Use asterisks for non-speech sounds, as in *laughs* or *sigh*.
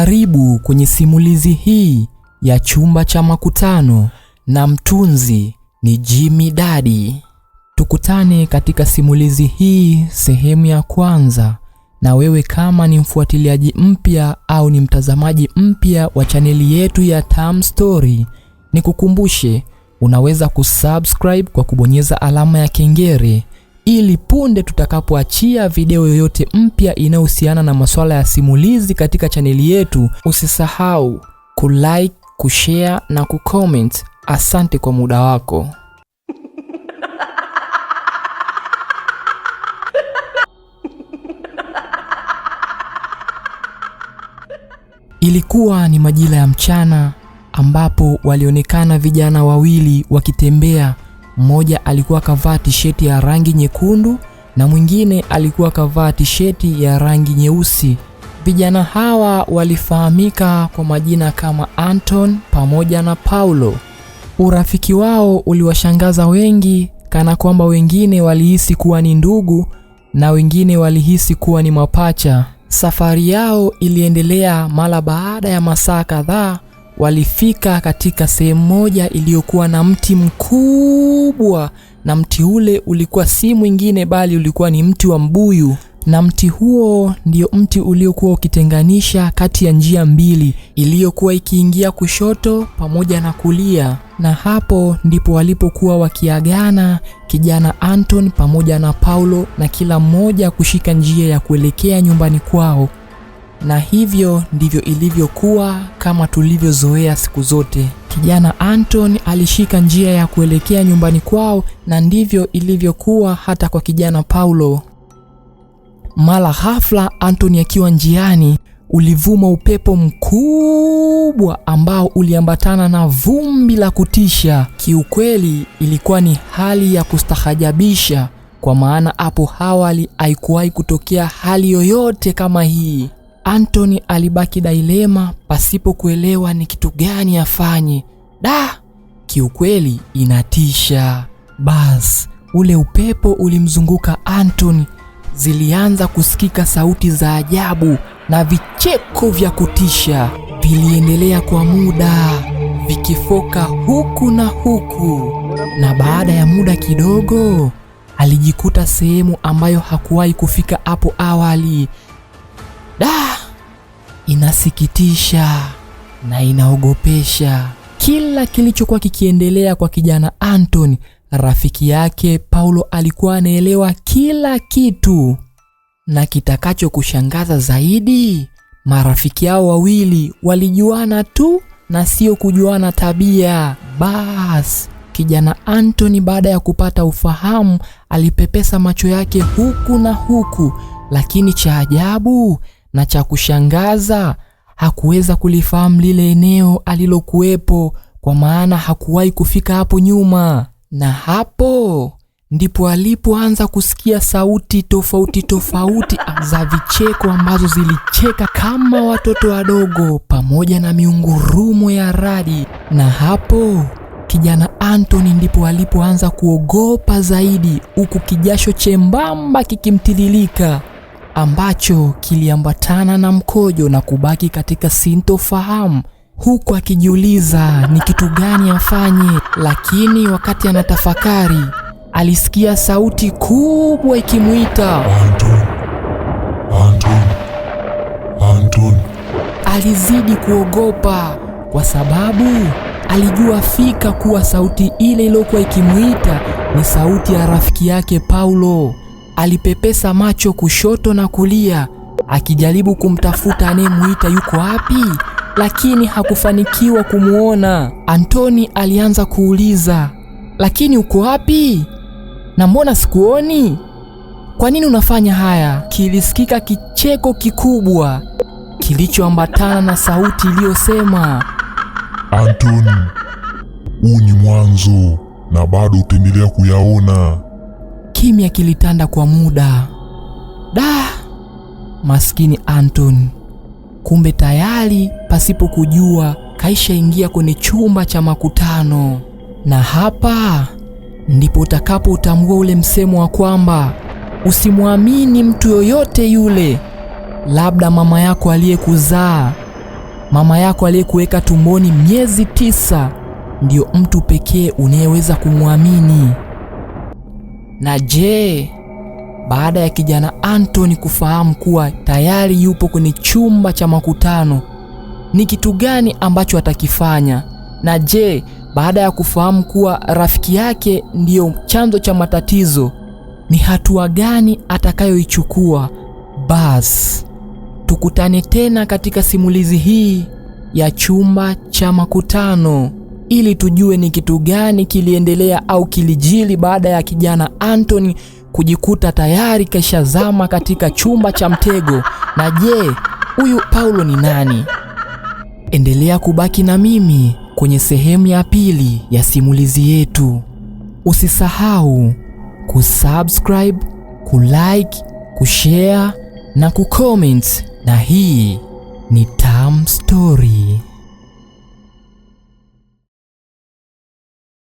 Karibu kwenye simulizi hii ya chumba cha makutano na mtunzi ni Jimmy Dadi. Tukutane katika simulizi hii sehemu ya kwanza, na wewe kama ni mfuatiliaji mpya au ni mtazamaji mpya wa chaneli yetu ya Tam Story, nikukumbushe unaweza kusubscribe kwa kubonyeza alama ya kengele ili punde tutakapoachia video yoyote mpya inayohusiana na masuala ya simulizi katika chaneli yetu, usisahau kulike, kushare na kucomment. Asante kwa muda wako. *laughs* Ilikuwa ni majira ya mchana ambapo walionekana vijana wawili wakitembea mmoja alikuwa akavaa tisheti ya rangi nyekundu na mwingine alikuwa akavaa tisheti ya rangi nyeusi. Vijana hawa walifahamika kwa majina kama Anton pamoja na Paulo. Urafiki wao uliwashangaza wengi, kana kwamba wengine walihisi kuwa ni ndugu na wengine walihisi kuwa ni mapacha. Safari yao iliendelea mara baada ya masaa kadhaa walifika katika sehemu moja iliyokuwa na mti mkubwa, na mti ule ulikuwa si mwingine bali ulikuwa ni mti wa mbuyu, na mti huo ndio mti uliokuwa ukitenganisha kati ya njia mbili iliyokuwa ikiingia kushoto pamoja na kulia, na hapo ndipo walipokuwa wakiagana kijana Anton pamoja na Paulo, na kila mmoja kushika njia ya kuelekea nyumbani kwao. Na hivyo ndivyo ilivyokuwa kama tulivyozoea siku zote. Kijana Anton alishika njia ya kuelekea nyumbani kwao na ndivyo ilivyokuwa hata kwa kijana Paulo. Mara ghafla, Antoni akiwa njiani, ulivuma upepo mkubwa ambao uliambatana na vumbi la kutisha. Kiukweli ilikuwa ni hali ya kustahajabisha kwa maana hapo hawali haikuwahi kutokea hali yoyote kama hii. Anthony alibaki dailema pasipo kuelewa ni kitu gani afanye. Da, kiukweli inatisha. Bas, ule upepo ulimzunguka Anthony, zilianza kusikika sauti za ajabu na vicheko vya kutisha viliendelea kwa muda vikifoka huku na huku, na baada ya muda kidogo alijikuta sehemu ambayo hakuwahi kufika hapo awali. Da, inasikitisha na inaogopesha. Kila kilichokuwa kikiendelea kwa kijana Anton, rafiki yake Paulo alikuwa anaelewa kila kitu, na kitakachokushangaza zaidi, marafiki hao wawili walijuana tu na sio kujuana tabia. bas kijana Anthony baada ya kupata ufahamu alipepesa macho yake huku na huku, lakini cha ajabu na cha kushangaza hakuweza kulifahamu lile eneo alilokuwepo, kwa maana hakuwahi kufika hapo nyuma. Na hapo ndipo alipoanza kusikia sauti tofauti tofauti za vicheko ambazo zilicheka kama watoto wadogo, pamoja na miungurumo ya radi. Na hapo kijana antony ndipo alipoanza kuogopa zaidi, huku kijasho chembamba kikimtililika ambacho kiliambatana na mkojo na kubaki katika sintofahamu, huku akijiuliza ni kitu gani afanye. Lakini wakati anatafakari, alisikia sauti kubwa ikimuita Anton, Anton, Anton. Alizidi kuogopa kwa sababu alijua fika kuwa sauti ile iliyokuwa ikimuita ni sauti ya rafiki yake Paulo alipepesa macho kushoto na kulia akijaribu kumtafuta anayemuita yuko wapi, lakini hakufanikiwa kumwona. Antoni alianza kuuliza, lakini uko wapi? Na mbona sikuoni? Kwa nini unafanya haya? Kilisikika kicheko kikubwa kilichoambatana na sauti iliyosema, Antoni, huu ni mwanzo na bado utaendelea kuyaona. Kimya kilitanda kwa muda. Da, maskini Anton, kumbe tayari pasipo kujua kaishaingia kwenye chumba cha makutano, na hapa ndipo utakapo utambua ule msemo wa kwamba usimwamini mtu yoyote yule, labda mama yako aliyekuzaa, mama yako aliyekuweka tumboni miezi tisa, ndiyo mtu pekee unayeweza kumwamini. Na je, baada ya kijana Anthony kufahamu kuwa tayari yupo kwenye chumba cha makutano, ni kitu gani ambacho atakifanya? Na je, baada ya kufahamu kuwa rafiki yake ndiyo chanzo cha matatizo, ni hatua gani atakayoichukua? Basi tukutane tena katika simulizi hii ya chumba cha makutano ili tujue ni kitu gani kiliendelea au kilijili baada ya kijana Anthony kujikuta tayari keshazama katika chumba cha mtego. Na je, huyu Paulo ni nani? Endelea kubaki na mimi kwenye sehemu ya pili ya simulizi yetu. Usisahau kusubscribe, kulike, kushare na kucomment, na hii ni Tam Story.